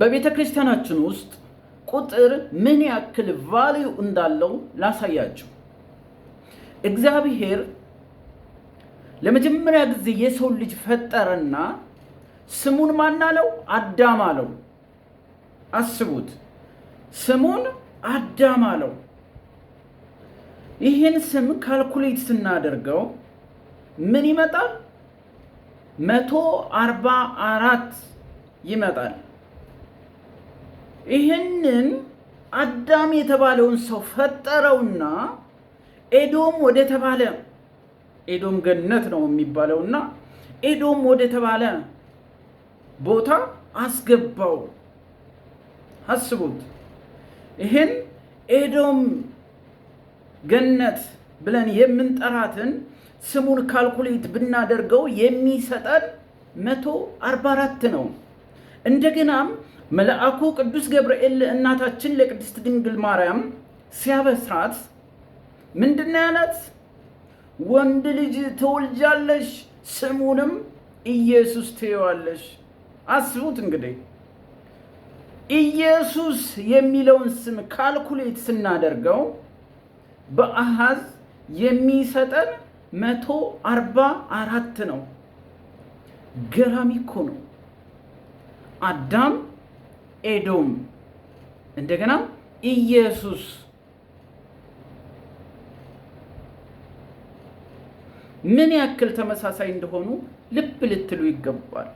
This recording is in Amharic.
በቤተ ክርስቲያናችን ውስጥ ቁጥር ምን ያክል ቫልዩ እንዳለው ላሳያችሁ። እግዚአብሔር ለመጀመሪያ ጊዜ የሰው ልጅ ፈጠረና ስሙን ማን አለው? አዳም አለው። አስቡት፣ ስሙን አዳም አለው። ይህን ስም ካልኩሌት ስናደርገው ምን ይመጣል? መቶ አርባ አራት ይመጣል። ይህንን አዳም የተባለውን ሰው ፈጠረውና ኤዶም ወደ ተባለ ኤዶም ገነት ነው የሚባለውና ኤዶም ወደ ተባለ ቦታ አስገባው። አስቡት። ይህን ኤዶም ገነት ብለን የምንጠራትን ስሙን ካልኩሌት ብናደርገው የሚሰጠን መቶ አርባ አራት ነው። እንደገናም መልአኩ ቅዱስ ገብርኤል ለእናታችን ለቅድስት ድንግል ማርያም ሲያበስራት ምንድነው ያላት? ወንድ ልጅ ትወልጃለሽ፣ ስሙንም ኢየሱስ ትየዋለሽ። አስቡት እንግዲህ ኢየሱስ የሚለውን ስም ካልኩሌት ስናደርገው በአሃዝ የሚሰጠን መቶ አርባ አራት ነው። ገራሚ እኮ ነው። አዳም ኤዶም እንደገና ኢየሱስ ምን ያክል ተመሳሳይ እንደሆኑ ልብ ልትሉ ይገባል።